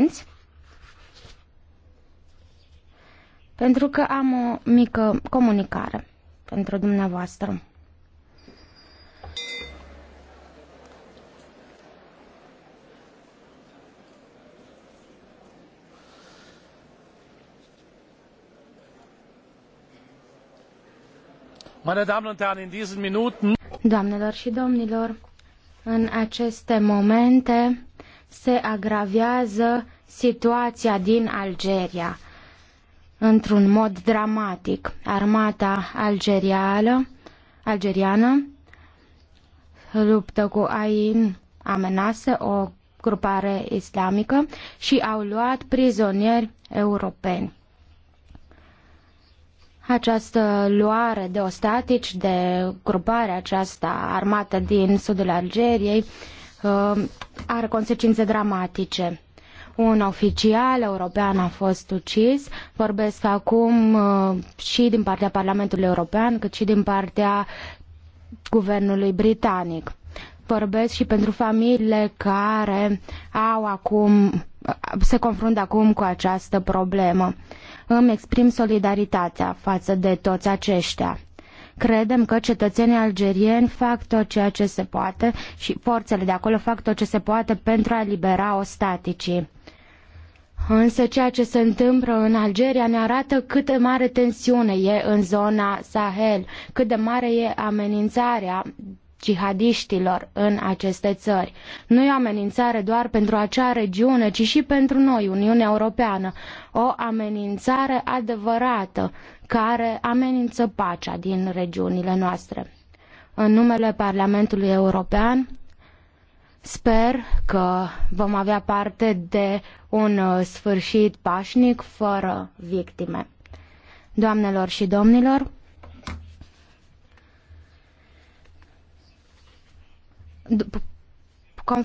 atenți, pentru că am o mică comunicare pentru dumneavoastră. Doamnelor și domnilor, în aceste momente se agravează situația din Algeria într-un mod dramatic. Armata algerială, algeriană luptă cu AIN amenasă o grupare islamică și au luat prizonieri europeni. Această luare de ostatici, de grupare această armată din sudul Algeriei, uh, Uh, are consecințe dramatice. Un oficial european a fost ucis. Vorbesc acum uh, și din partea Parlamentului European, cât și din partea guvernului britanic. Vorbesc și pentru familiile care au acum uh, se confruntă acum cu această problemă. Îmi exprim solidaritatea față de toți aceștia. Credem că cetățenii algerieni fac tot ceea ce se poate și forțele de acolo fac tot ce se poate pentru a libera ostaticii. Însă ceea ce se întâmplă în Algeria ne arată cât de mare tensiune e în zona Sahel, cât de mare e amenințarea jihadiștilor în aceste țări. Nu e o amenințare doar pentru acea regiune, ci și pentru noi, Uniunea Europeană. O amenințare adevărată care amenință pacea din regiunile noastre. În numele Parlamentului European, Sper că vom avea parte de un uh, sfârșit pașnic fără victime. Doamnelor și domnilor, conform